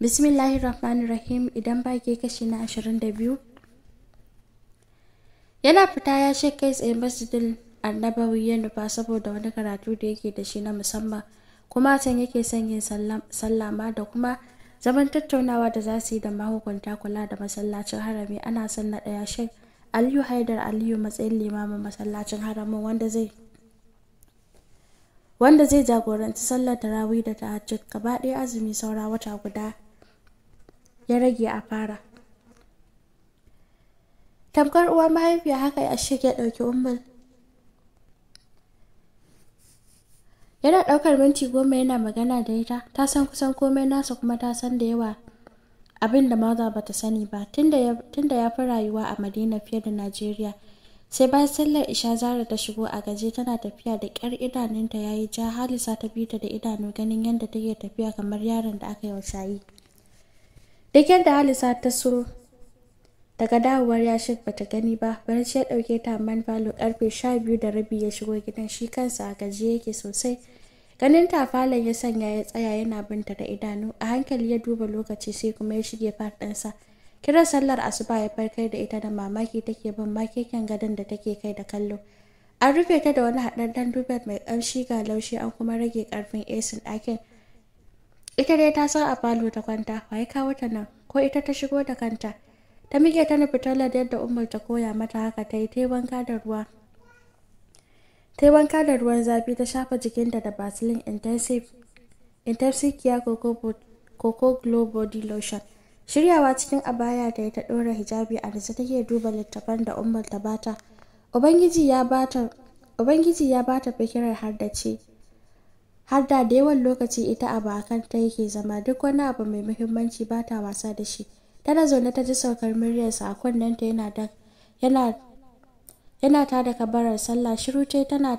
bismillahir rahmanir rahim idan ba ke kashi na 22 yana fita ya ce kai tsaye masjidin annabawi ya nufa saboda wani karatu da yake da shi na musamman kuma can yake son sallama da kuma zaman tattaunawa da za su yi da mahukunta kula da masallacin harami ana son na ɗaya shi aliyu haidar aliyu matsayin limamin masallacin haramin wanda zai wanda zai jagoranci sallar tarawih da ta gaba ɗaya azumi saura wata guda ya rage a fara tamkar uwar mahaifiya haka ya shirya ɗauki umar yana ɗaukar minti goma yana magana da ita ta san kusan komai nasa kuma ta san da yawa abin da maza bata sani ba tunda ya fi rayuwa a madina fiye da najeriya sai bayan sallar isha zara ta shigo a gaje tana tafiya da ƙyar idanunta ya yi ja halisa ta bi da idanu ganin yadda take tafiya kamar yaron da aka yi wasayi duk yadda halisa ta so daga dawowar yashin bata gani ba barci ya ɗauke ta man falo karfe sha biyu da rabi ya shigo gidan shi kansa a gajiye yake sosai ganin ta falon ya sanya ya tsaya yana binta da idanu a hankali ya duba lokaci sai kuma ya shige faɗinsa kiran sallar asuba ya farkar da ita da mamaki take bin makeken gadon da take kai da kallo an rufe ta da wani haɗaɗɗen dubar mai ƙamshi ga laushi an kuma rage ƙarfin esin ɗakin ita dai ta san a falo ta kwanta waye kawo ta nan ko ita ta shigo da kanta ta mike ta nufi talar yadda umar ta koya mata haka ta yi ta wanka da wanka da ruwan zafi ta shafa jikinta da basilin intensive intensive care coco glow body lotion shiryawa cikin abaya ta yi ta ɗora hijabi a da ke duba littafan da umar ta bata ubangiji ya bata fikirar har da ce har da da yawan lokaci ita a a ta yake zama duk wani abu mai muhimmanci ba ta wasa da shi tana zaune ta ji saukar muryarsa a kunnenta yana da yana yana ta da kabarar sallah shirutai tana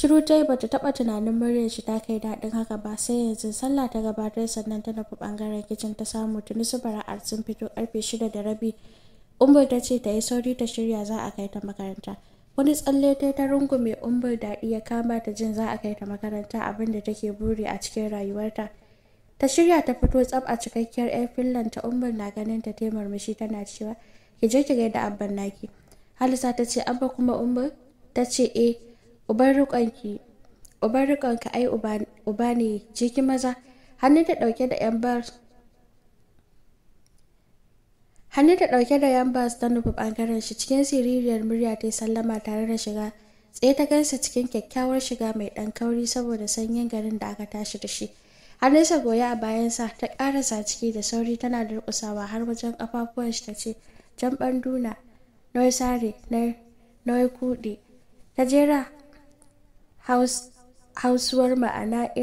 shiru bata taba tunanin muryar shi ta kai daɗin haka ba sai yanzu sallah ta gabatar sannan ta nufi bangaren kicin ta samu tuni su bara'ar sun fito karfe shida da rabi umar ta ce ta yi sauri ta shirya za a kai ta makaranta wani tsalle ta ta rungume umbul daɗi ya kama ta jin za a kai ta makaranta abin da take buri a cikin rayuwarta ta shirya ta fito tsab a cikakkiyar yar finland ta umbul na ganin ta ta murmushi tana cewa ki je ki gaida abban naki halisa ta ce abba kuma umbul ta ce eh uban riƙonki uban ai uba ne je ki maza hannun ta ɗauke da yan bar hannu da ɗauke da yambas don nufi ɓangaren shi cikin siririyar murya ta sallama tare da shiga tsaye ta gansa cikin kyakkyawar shiga mai ɗan kauri saboda sanyin garin da aka tashi da shi hannunsa goya a bayansa ta ƙarasa ciki da sauri tana durƙusawa har wajen ƙafafuwan shi ta ce jan ɓanduna noy sare noy kuɗi ta jera hausuwar ma'ana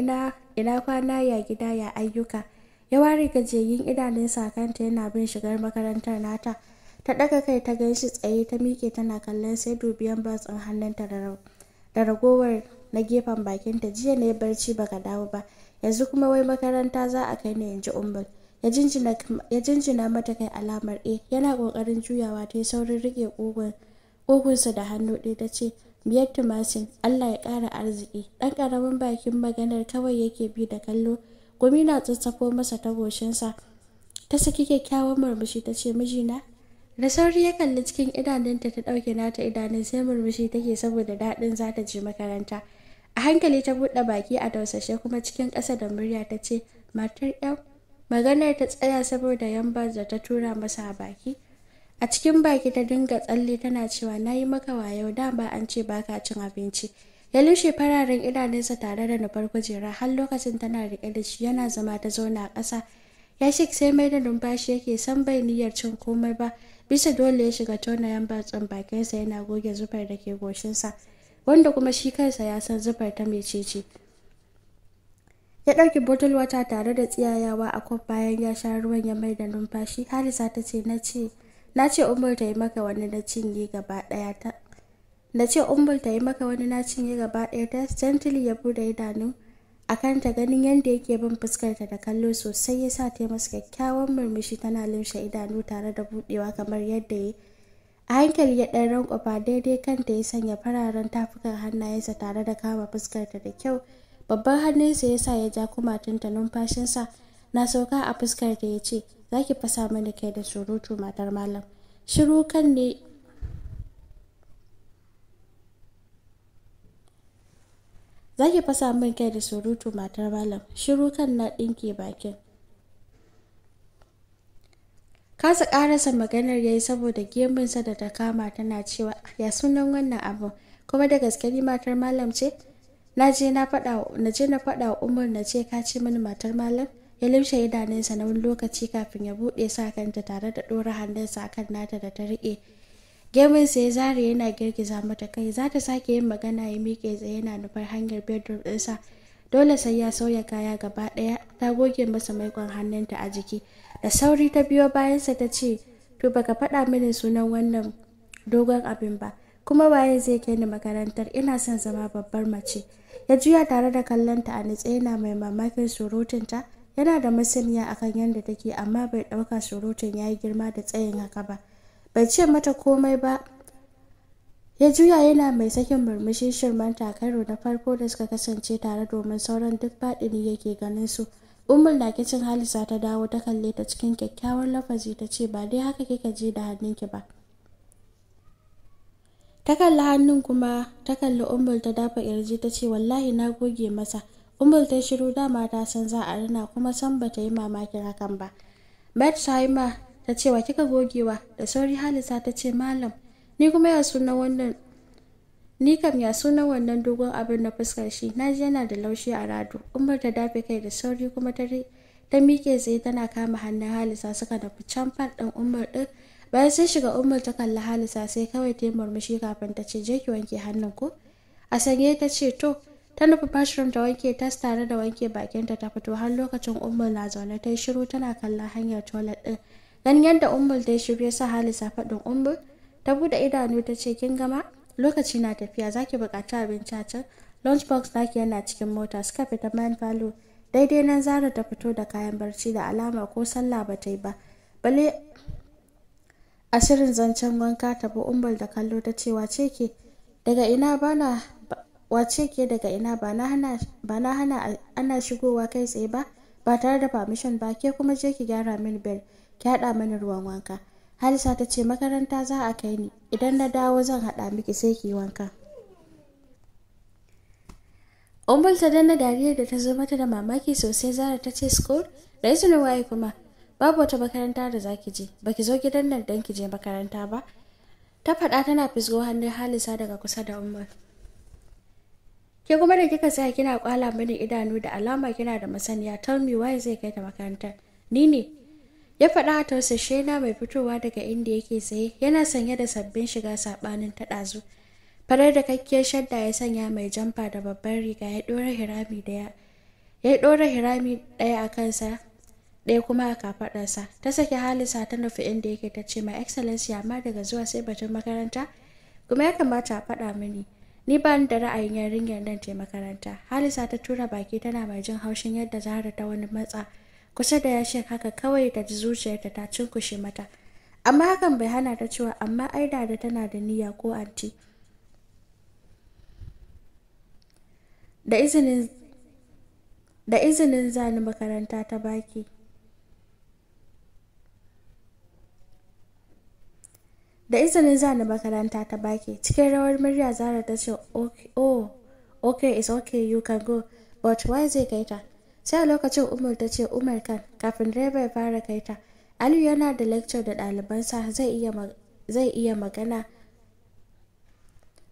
ina kwana ya gida ya ayyuka ya ware gajiyayyun idanun kanta yana bin shigar makarantar nata ta ɗaga kai ta gan shi tsaye ta miƙe tana kallon sai dubiyan batsin hannunta da ragowar na gefen bakinta jiya ne barci baka dawo ba yanzu kuma wai makaranta za a kai ne in ji umbul ya jinjina mata kai alamar a eh. yana kokarin juyawa ta yi saurin riƙe ƙugunsa da hannu ɗaya ta ce biyar tumasin allah ya ƙara arziki ɗan ƙaramin bakin maganar kawai yake bi da kallo gumi na tsatsafo masa ta goshinsa ta saki kyakkyawan murmushi ta ce mijina da sauri ya kalli cikin idanunta ta ɗauke nata idanun sai murmushi take saboda daɗin za ta je makaranta a hankali ta buɗe baki a tausashe kuma cikin ƙasa da murya ta ce matar yan maganar ta tsaya saboda yamba da ta tura masa a baki a cikin baki ta dinga tsalle tana cewa na yi maka wayo dama an ce baka cin abinci ya lushe fararen idanunsa tare da nufar kujera har lokacin tana riƙe da shi yana zama ta zauna a ƙasa ya shik sai mai da numfashi yake san bai niyyar cin komai ba bisa dole ya shiga tonayen batsun bakinsa yana goge zufar da ke goshinsa wanda kuma shi kansa ya san zufar ta mecece ya ɗauki botol wata tare da tsiyayawa a kwaf bayan ya sha ruwan ya mai da numfashi harisa ta ce na ce umar ta yi maka wani na cinye gaba ɗaya ta na ce umbul ta yi maka wani na cinye gaba ɗaya ta gently ya bude idanu a kan ta ganin yadda yake bin fuskarta da kallo sosai ya sa ta masa kyakkyawan murmushi tana limshe idanu tare da buɗewa kamar yadda ya a hankali ya ɗan rankwafa daidai kanta ya sanya fararen tafukan hannayensa tare da kama fuskarta da kyau babban hannunsa ya sa ya ja kumatunta numfashinsa na sauka a fuskarta ya ce za ki fasa mani kai da surutu matar malam shiru kan ne zaki fasa min kai da surutu matar malam shiru kan na ɗinke bakin kasa ƙarasa maganar yayi yi saboda gemunsa da ta kama tana cewa ya sunan wannan abu kuma da gaske ni matar malam ce na je na faɗa wa umar ce ka ce mini matar malam ya limshe idanunsa na wani lokaci kafin ya buɗe sa kanta tare da ɗora hannunsa akan nata da ta riƙe gemunsa ya zare yana girgiza mata kai za ta sake yin magana ya miƙe tsaye yana nufar hanyar bedroom ɗinsa dole sai ya sauya kaya gaba ɗaya ta goge masa maikon hannunta a jiki da sauri ta biyo bayansa ta ce to baka faɗa mini sunan wannan dogon abin ba kuma waye zai kai ni makarantar ina son zama babbar mace ya juya tare da kallonta a nitse yana mai mamakin surutunta yana da masaniya akan yadda take amma bai ɗauka surutun ya yi girma da tsayin haka ba bai ce mata komai ba ya juya yana mai sakin murmushin shirman takaro na farko da suka kasance tare domin sauran duk faɗini yake ganin su umar na kicin halisa ta dawo ta kalle ta cikin kyakkyawan lafazi ta ce ba dai haka kika je da hannunki ba ta kalli hannun kuma ta kalli umar ta dafa irji ta ce wallahi na goge masa umar ta shiru dama ta san za a rina kuma san ba ta yi mamakin hakan ba bet saima ta cewa kika gogewa da sauri halisa ta ce malam ni kuma ya suna wannan ni kam ya suna wannan dogon abin na fuskar shi na ji yana da laushi a rado umar ta dafe kai da sauri kuma ta ta miƙe tsaye tana kama hannun halisa suka nufi can fat ɗin umar ɗin bayan sun shiga umar ta kalli halisa sai kawai ta yi murmushi kafin ta ce je ki wanke hannun ku a sanye ta ce to ta nufi fashirin ta wanke tas tare da wanke bakinta ta fito har lokacin umar na zaune ta yi shiru tana kallon hanyar toilet ɗin nan yadda umbul da ya shirya sa halisa faɗin umbul ta buɗe idanu ta ce kin gama lokaci na tafiya zaki buƙaci abinci a can lunchbox naki yana cikin mota suka fita man falo daidai nan zara ta fito da kayan barci da alama ko sallah ba ta yi ba bale a shirin zancen wanka ta bi umbul da kallo ta ce wace ke daga ina bana wace ke daga ina ba na hana ana shigowa kai tsaye ba ba tare da permission ba ke kuma je ki gyara min bel ki haɗa mana ruwan wanka halisa ta ce makaranta za a kai ni idan na dawo zan haɗa miki sai ki wanka umbul ta danna dariyar da ta zo mata da mamaki sosai zara ta ce school da ne waye kuma babu wata makaranta da za ki je ba ki zo gidan nan don ki je makaranta ba ta faɗa tana fisgo hannun halisa daga kusa da umar ke kuma da kika tsaya kina kwala mini idanu da alama kina da masaniya tell me why zai kai ta makarantar ni ne ya faɗa a tausashe na mai fitowa daga inda yake tsaye yana sanye da sabbin shiga saɓanin ta ɗazu farar da kakkiyar shadda ya sanya mai jamfa da babban riga ya ɗora hirami ɗaya ya ɗora hirami ɗaya a kansa ɗaya kuma a kafaɗarsa ta saki halisa ta nufi inda yake ta ce ma excellency amma daga zuwa sai batun makaranta kuma ya kamata a faɗa mini ni ba da ra'ayin yarinyar nan ce makaranta halisa ta tura baki tana mai jin haushin yadda zahra ta wani matsa kusa da yashin haka kawai da zuciyarta ta cinkushe mata amma hakan bai hana ta cewa amma ai da tana da niyya ko anti da izinin da izinin zani makaranta ta baki da izinin zani makaranta ta baki cikin rawar murya zara ta ce oh okay it's okay you can go but why zai kai ta sai a lokacin umar ta ce umar kan kafin direba ya fara kai ta aliyu yana da lecture da ɗalibansa zai iya magana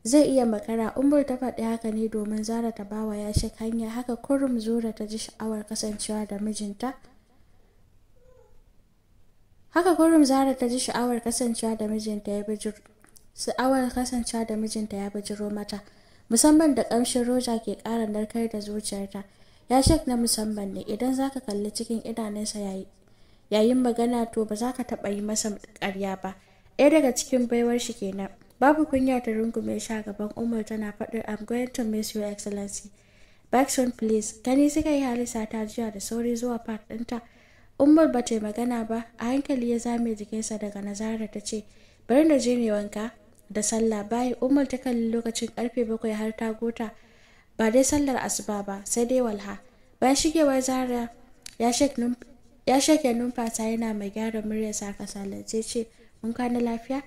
zai iya makara umar ta faɗi haka ne domin zara ta bawa ya shi hanya haka kurum zura ta ji sha'awar kasancewa da mijinta haka kurum zara ta ji sha'awar kasancewa da mijinta ya bijiro sha'awar kasancewa da mijinta ya bijiro mata musamman da ƙamshin roja ke ƙara narkar da zuciyarta ya shek na musamman ne idan za ka kalli cikin idanunsa yayin magana to ba za ka taɓa yi masa karya ba ɗaya daga cikin baiwar shi kenan babu kunya ta rungume shi a gaban umar tana faɗin i'm going to miss your excellency Baxon please gani suka yi halisa ta jiya da sauri zuwa park ɗinta umar ba ta yi magana ba a hankali ya zame jikinsa daga nazara ta ce bari na je ne wanka da sallah bayan umar ta kalli lokacin karfe bakwai har ta gota ba dai sallar asuba ba sai dai walha bayan shigewar zara ya shake numfasa yana mai gyara sa a kasalance ce mun kwana lafiya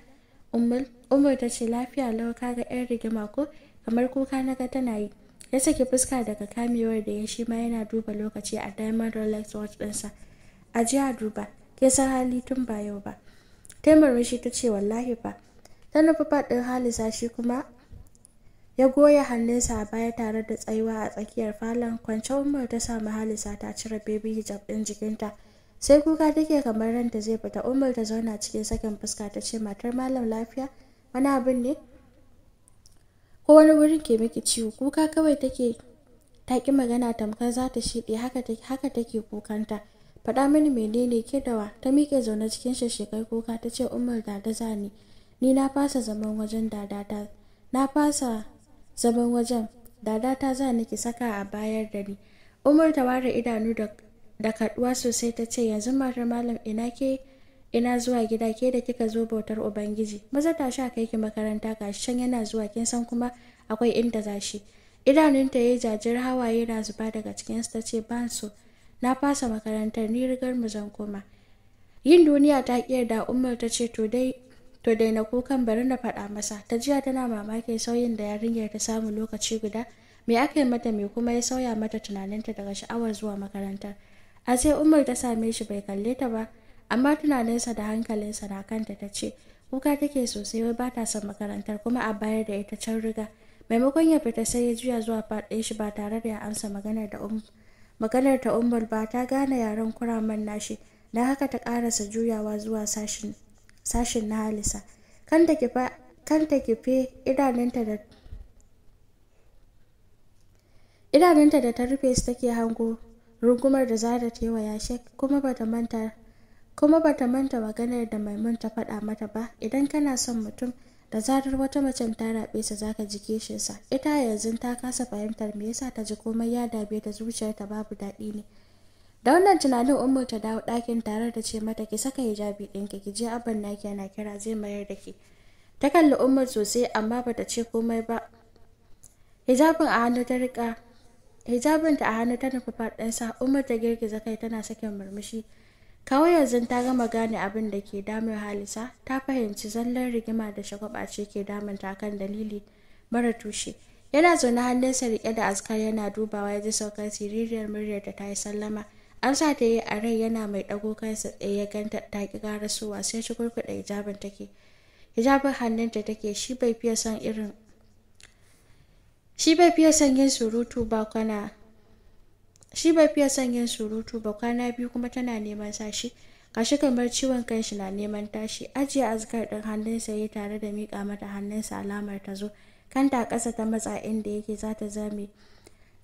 umar ta ce lafiya lau kaga yan rigima ko kamar kuka na ga tana yi ya saki fuska daga kamewar da ya shi ma yana duba lokaci a diamond rolex watch ɗinsa a jiya duba ke san hali tun ba yau ba taimar shi ta ce wallahi ba ta nufi faɗin halisa shi kuma ya goya hannunsa a baya tare da tsayuwa a tsakiyar falon kwance umar ta samu halisa ta cire baby hijab ɗin jikinta sai kuka take kamar ranta zai fita umar ta zauna cikin sakin fuska ta ce matar malam lafiya wani abin ne ko wani wurin ke miki ciwo kuka kawai take ta ki magana tamkar za ta shiɗe haka take kukanta faɗa mini menene ke dawa ta miƙe zaune cikin shashekai kuka ta ce umar dada zani ni na fasa zaman wajen dada ta na fasa zaman wajen dada ta za ki saka a bayar da ni umar ta ware idanu da kaduwa sosai ta ce yanzu matar malam ina ke ina zuwa gida ke da kika zo bautar ubangiji maza ta sha kai ki makaranta gashi can yana zuwa kin san kuma akwai inda za shi idanunta ya yi jajir hawaye na zuba daga cikinsu ta ce ban so na fasa makarantar ni rigar mu zan koma yin duniya ta kiyar da umar ta ce to dai to daina kukan bari na faɗa masa ta jiya tana mamakin sauyin da yarinyar ta samu lokaci guda me aka yi mata me kuma ya sauya mata tunaninta daga sha'awar zuwa makarantar a sai umar ta same shi bai kalle ta ba amma tunaninsa da hankalinsa na kanta ta ce kuka take sosai wai ba ta son makarantar kuma a bayar da ita can riga maimakon ya fita sai ya juya zuwa faɗe shi ba tare da ya amsa maganar da um maganar ta umar ba ta gane yaren kuraman nashi don haka ta ƙarasa juyawa zuwa sashin sashen na halisa kanta kife idanunta da idanunta da ta rufe su take hango rungumar da zara ta yi wa yashe kuma bata manta kuma ta manta maganar da maimun ta faɗa mata ba idan kana son mutum da zarar wata macen ta raɓe sa zaka ji kishinsa ita yanzu ta kasa fahimtar me yasa ta ji komai ya dabe da zuciyarta babu daɗi ne da wannan tunanin umma ta dawo ɗakin tare da ce mata ki saka hijabi ɗinki ki je abin naki yana kira zai mayar da ki ta kalli umar sosai amma bata ce komai ba hijabin a hannu ta rika hijabin ta a hannu ta nufi faɗinsa umar ta girgiza kai tana sakin murmushi kawai yanzu ta gama gane abin da ke damun halisa ta fahimci zallar rigima da shagwaba ce ke damun ta kan dalili mara tushe yana zaune hannunsa rike da askar yana dubawa ya ji saukar siririyar muryar da ta yi sallama an sa ta yi a rai yana mai ɗago kansa tsaye ya ganta ta ƙi ƙarasuwa sai shi kurkuɗa hijabin take hijabin hannunta take shi bai fiye son irin shi bai fiye son yin surutu ba kwana shi bai fiye son yin surutu ba kwana biyu kuma tana neman sashi kashi kamar ciwon kanshi na neman tashi ajiye azkar ɗin hannunsa ya tare da miƙa mata hannunsa alamar ta zo kanta ƙasa ta matsa inda yake za ta zame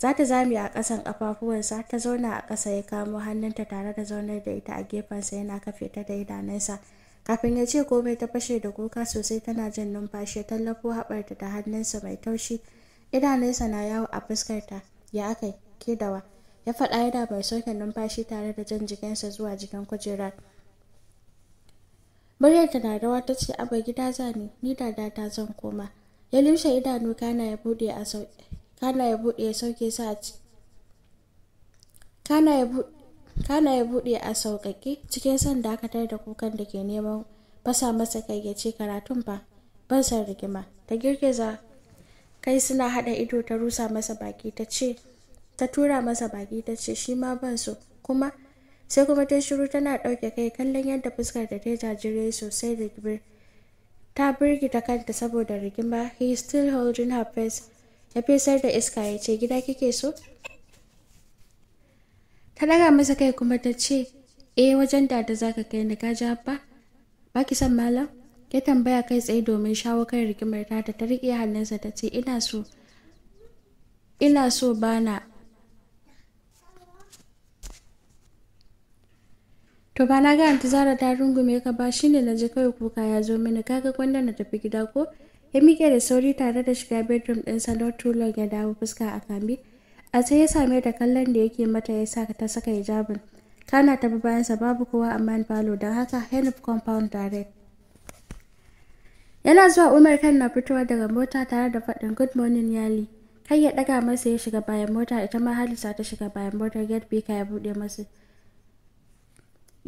za ta zame a kasan ƙafafuwansa ta zauna a ƙasa ya kamo hannunta tare da zaunar da ita a gefensa yana kafe ta da idanunsa kafin ya ce komai ta fashe da kuka sosai tana jin numfashi tallafo haɓarta da hannunsa mai taushi idanunsa na yawo a fuskarta ya akai ke dawa ya faɗa yana mai sauke numfashi tare da jan jikinsa zuwa jikin kujerar muryarta na rawa ta ce abu gida za ni ni da zan koma ya lushe idanu kana ya bude a sauƙi kana ya buɗe ya sauke sa a kana ya a sauƙaƙe cikin son dakatar da kukan da ke neman fasa masa kai ya ce karatun ba ban san rigima ta girgiza kai suna haɗa ido ta rusa masa baki ta ce ta tura masa baki ta ce shi ma ban so kuma sai kuma ta shiru tana ɗauke kai kallon yadda fuskar da ta jajire sosai da ta birgita kanta saboda rigima he is still holding her face ya da iska ya ce gida kike so ta daga masa kai kuma ta ce eh wajen da da zaka kai ni ka ja ba ba ki san malam ya tambaya kai tsaye domin shawo kan rigimar ta ta riƙe hannunsa ta ce ina so ina so bana to ba na ga zara ta rungume ka ba shine na je kawai kuka ya zo mini kaga gwanda na tafi gida ko ya miƙe da sauri tare da shiga bedroom ɗin don tulon ya dawo fuska a kambi a sai ya same da kallon da yake mata ya sa ta saka hijabin kana ta bi bayansa babu kowa a man falo don haka henry compound direct yana zuwa umar kan na fitowa daga mota tare da faɗin good morning yali kai ya ɗaga masa ya shiga bayan mota ita ma halisa ta shiga bayan motar gate bika ya buɗe masa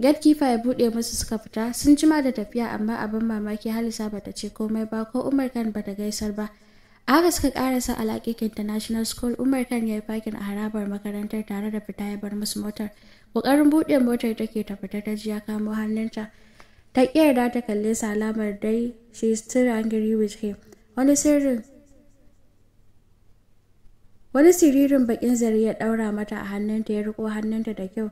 kifa ya bude musu suka fita sun jima da tafiya amma abin mamaki halisa ba ta ce komai ba ko umar kan ba ta gaisar ba a haka suka karasa alaƙiƙ international school umar kan ya yi fakin a harabar makarantar tare da fita ya bar musu motar ƙoƙarin buɗe motar take ta fita ta jiya ya kamo hannunta ta yarda ta kalle salamar alamar dai she is still angry with him wani sirrin wani siririn bakin zari ya ɗaura mata a hannunta ya riko hannunta da kyau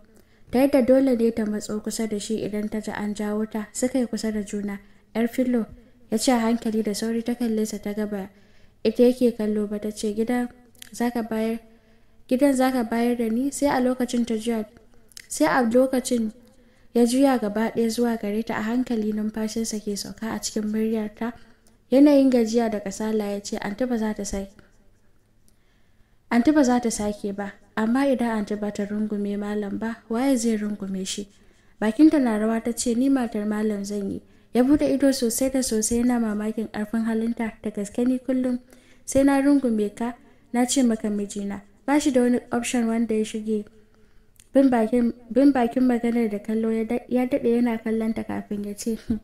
ta yadda dole ne ta matso kusa da shi idan ta ji an jawo ta suka yi kusa da juna yar filo ya ce hankali da sauri ta kalle sa ta gaba ita yake kallo ba ta ce gidan zaka bayar bayar da ni sai a lokacin ta juya sai a lokacin ya juya gaba ɗaya zuwa gare ta a hankali numfashinsa ke sauka a cikin muryarta yanayin gajiya da kasala ya ce anti ba za ta sake ba amma idan an ba ta rungume malam ba waye zai rungume shi bakinta na rawa ta ce ni matar malam zan yi ya bude ido sosai da sosai yana mamakin karfin halinta da gaske ni kullum sai na rungume ka na ce maka mijina ba shi da wani option wanda ya shige bin bakin maganar da kallo ya daɗe yana kallon ta kafin ya ce hmm.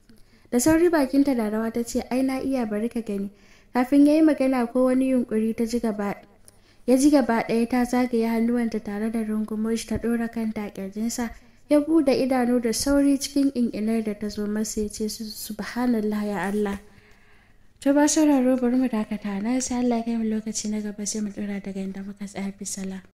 da sauri bakinta da rawa ta ce ai na iya bari ka gani kafin ya yi magana ko wani yunkuri ta ji gaba ya ji gaba ɗaya ta zagaye hannuwanta tare da rungumar ta ɗora kanta a ƙirjinsa ya buɗe idanu da sauri cikin ingilar da ta zo masa ya ce subhanallah ya Allah to ba sauraro bari mu dakata na sai Allah ya kai mu lokaci na gaba sai mu ɗora daga inda muka tsaya bisala